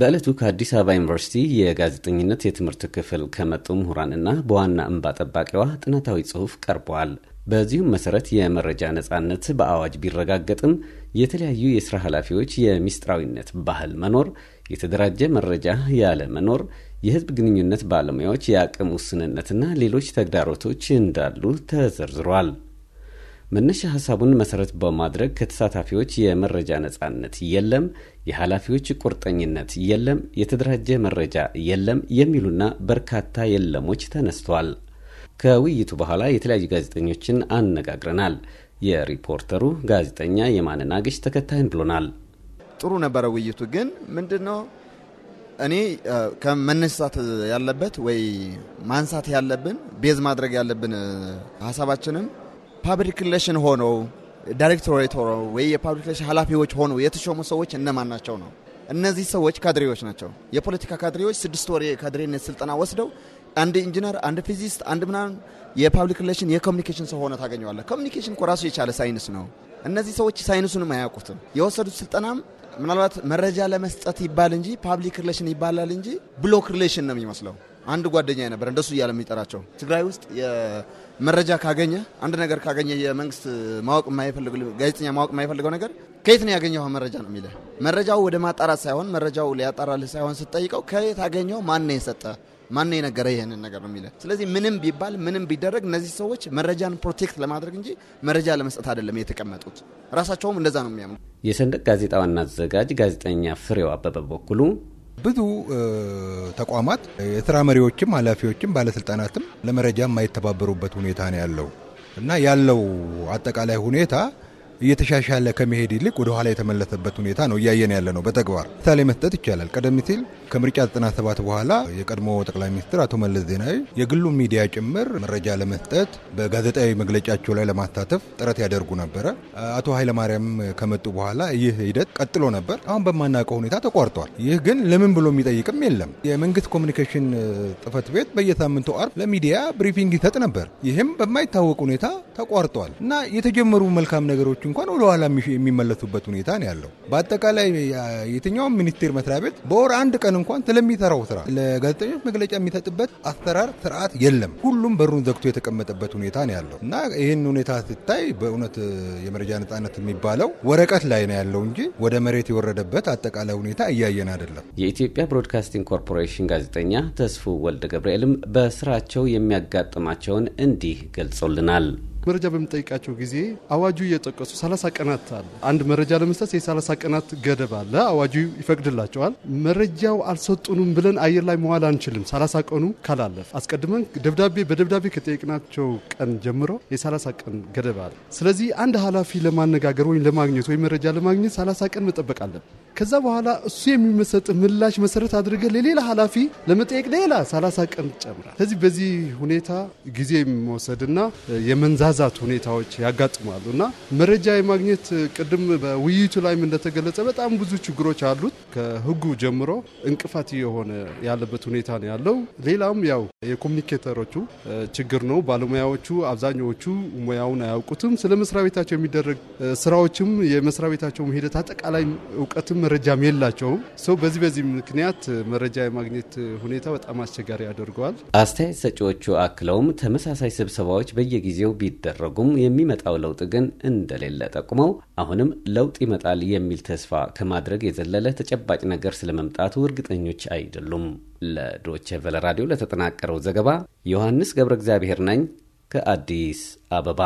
በዕለቱ ከአዲስ አበባ ዩኒቨርሲቲ የጋዜጠኝነት የትምህርት ክፍል ከመጡ ምሁራንና በዋና እንባ ጠባቂዋ ጥናታዊ ጽሑፍ ቀርበዋል። በዚሁም መሰረት የመረጃ ነጻነት በአዋጅ ቢረጋገጥም የተለያዩ የስራ ኃላፊዎች የሚስጥራዊነት ባህል መኖር፣ የተደራጀ መረጃ ያለ መኖር፣ የህዝብ ግንኙነት ባለሙያዎች የአቅም ውስንነትና ሌሎች ተግዳሮቶች እንዳሉ ተዘርዝሯል። መነሻ ሀሳቡን መሰረት በማድረግ ከተሳታፊዎች የመረጃ ነጻነት የለም፣ የኃላፊዎች ቁርጠኝነት የለም፣ የተደራጀ መረጃ የለም የሚሉና በርካታ የለሞች ተነስተዋል። ከውይይቱ በኋላ የተለያዩ ጋዜጠኞችን አነጋግረናል። የሪፖርተሩ ጋዜጠኛ የማነ ናገሽ ተከታይን ብሎናል። ጥሩ ነበረ ውይይቱ። ግን ምንድን ነው እኔ ከመነሳት ያለበት ወይ ማንሳት ያለብን ቤዝ ማድረግ ያለብን ሀሳባችንም ፓብሊክ ሆነው ዳይሬክቶሬት ሆነው ወይ የፓብሊክ ኃላፊዎች ሆነው የተሾሙ ሰዎች እነማን ናቸው ነው? እነዚህ ሰዎች ካድሬዎች ናቸው። የፖለቲካ ካድሬዎች ስድስት ወር የካድሬነት ስልጠና ወስደው አንድ ኢንጂነር፣ አንድ ፊዚስት፣ አንድ ምናምን የፓብሊክ ሌሽን የኮሚኒኬሽን ሰው ሆነ ታገኘዋለህ። ኮሚኒኬሽን እኮ ራሱ የቻለ ሳይንስ ነው። እነዚህ ሰዎች ሳይንሱንም አያውቁትም። የወሰዱት ስልጠናም ምናልባት መረጃ ለመስጠት ይባል እንጂ ፓብሊክ ሪሌሽን ይባላል እንጂ ብሎክ ሪሌሽን ነው የሚመስለው። አንድ ጓደኛ ነበር እንደሱ እያለ የሚጠራቸው ትግራይ ውስጥ መረጃ ካገኘ አንድ ነገር ካገኘ የመንግስት ማወቅ የማይፈልግ ጋዜጠኛ ማወቅ የማይፈልገው ነገር ከየት ነው ያገኘው መረጃ ነው የሚለ መረጃው ወደ ማጣራት ሳይሆን መረጃው ሊያጣራልህ ሳይሆን ስትጠይቀው ከየት አገኘው ማን የሰጠ ማን የነገረ ይህንን ነገር ነው የሚለ ስለዚህ ምንም ቢባል ምንም ቢደረግ እነዚህ ሰዎች መረጃን ፕሮቴክት ለማድረግ እንጂ መረጃ ለመስጠት አይደለም የተቀመጡት ራሳቸውም እንደዛ ነው የሚያምኑ የሰንደቅ ጋዜጣ ዋና አዘጋጅ ጋዜጠኛ ፍሬው አበበ በኩሉ ብዙ ተቋማት የስራ መሪዎችም ኃላፊዎችም ባለስልጣናትም ለመረጃ የማይተባበሩበት ሁኔታ ነው ያለው እና ያለው አጠቃላይ ሁኔታ እየተሻሻለ ከመሄድ ይልቅ ወደ ኋላ የተመለሰበት ሁኔታ ነው እያየን ያለ ነው። በተግባር ምሳሌ መስጠት ይቻላል። ቀደም ሲል ከምርጫ 97 በኋላ የቀድሞ ጠቅላይ ሚኒስትር አቶ መለስ ዜናዊ የግሉ ሚዲያ ጭምር መረጃ ለመስጠት በጋዜጣዊ መግለጫቸው ላይ ለማሳተፍ ጥረት ያደርጉ ነበረ። አቶ ኃይለማርያም ከመጡ በኋላ ይህ ሂደት ቀጥሎ ነበር። አሁን በማናውቀው ሁኔታ ተቋርጧል። ይህ ግን ለምን ብሎ የሚጠይቅም የለም። የመንግስት ኮሚኒኬሽን ጽህፈት ቤት በየሳምንቱ አርብ ለሚዲያ ብሪፊንግ ይሰጥ ነበር። ይህም በማይታወቅ ሁኔታ ተቋርጧል እና የተጀመሩ መልካም ነገሮች እንኳን ወደ ኋላ የሚመለሱበት ሁኔታ ነው ያለው። በአጠቃላይ የትኛውም ሚኒስቴር መስሪያ ቤት በወር አንድ ቀን እንኳን ስለሚሰራው ስራ ለጋዜጠኞች መግለጫ የሚሰጥበት አሰራር ስርዓት የለም። ሁሉም በሩን ዘግቶ የተቀመጠበት ሁኔታ ነው ያለው እና ይህን ሁኔታ ስታይ በእውነት የመረጃ ነጻነት የሚባለው ወረቀት ላይ ነው ያለው እንጂ ወደ መሬት የወረደበት አጠቃላይ ሁኔታ እያየን አይደለም። የኢትዮጵያ ብሮድካስቲንግ ኮርፖሬሽን ጋዜጠኛ ተስፉ ወልደ ገብርኤልም በስራቸው የሚያጋጥማቸውን እንዲህ ገልጾልናል። መረጃ በምንጠይቃቸው ጊዜ አዋጁ እየጠቀሱ 30 ቀናት አለ። አንድ መረጃ ለመስጠት የ30 ቀናት ገደብ አለ፣ አዋጁ ይፈቅድላቸዋል። መረጃው አልሰጡንም ብለን አየር ላይ መዋል አንችልም። 30 ቀኑ ካላለፍ አስቀድመን ደብዳቤ በደብዳቤ ከጠየቅናቸው ቀን ጀምሮ የ30 ቀን ገደብ አለ። ስለዚህ አንድ ኃላፊ ለማነጋገር ወይም ለማግኘት ወይም መረጃ ለማግኘት 30 ቀን መጠበቅ አለን። ከዛ በኋላ እሱ የሚመሰጥ ምላሽ መሰረት አድርገህ ለሌላ ኃላፊ ለመጠየቅ ሌላ 30 ቀን ጨምራል። ስለዚህ በዚህ ሁኔታ ጊዜ መውሰድና የመንዛዝ የመባዛት ሁኔታዎች ያጋጥማሉ እና መረጃ የማግኘት ቅድም በውይይቱ ላይም እንደተገለጸ በጣም ብዙ ችግሮች አሉት። ከህጉ ጀምሮ እንቅፋት የሆነ ያለበት ሁኔታ ነው ያለው። ሌላም ያው የኮሚኒኬተሮቹ ችግር ነው። ባለሙያዎቹ አብዛኛዎቹ ሙያውን አያውቁትም። ስለ መስሪያ ቤታቸው የሚደረግ ስራዎችም የመስሪያ ቤታቸውም ሂደት አጠቃላይ እውቀትም መረጃም የላቸውም። ሰው በዚህ በዚህ ምክንያት መረጃ የማግኘት ሁኔታ በጣም አስቸጋሪ ያደርገዋል። አስተያየት ሰጪዎቹ አክለውም ተመሳሳይ ስብሰባዎች በየጊዜው ቢደረጉም የሚመጣው ለውጥ ግን እንደሌለ ጠቁመው አሁንም ለውጥ ይመጣል የሚል ተስፋ ከማድረግ የዘለለ ተጨባጭ ነገር ስለመምጣቱ እርግጠኞች አይደሉም። ለዶቼ ቨለ ራዲዮ ለተጠናቀረው ዘገባ ዮሐንስ ገብረ እግዚአብሔር ነኝ ከአዲስ አበባ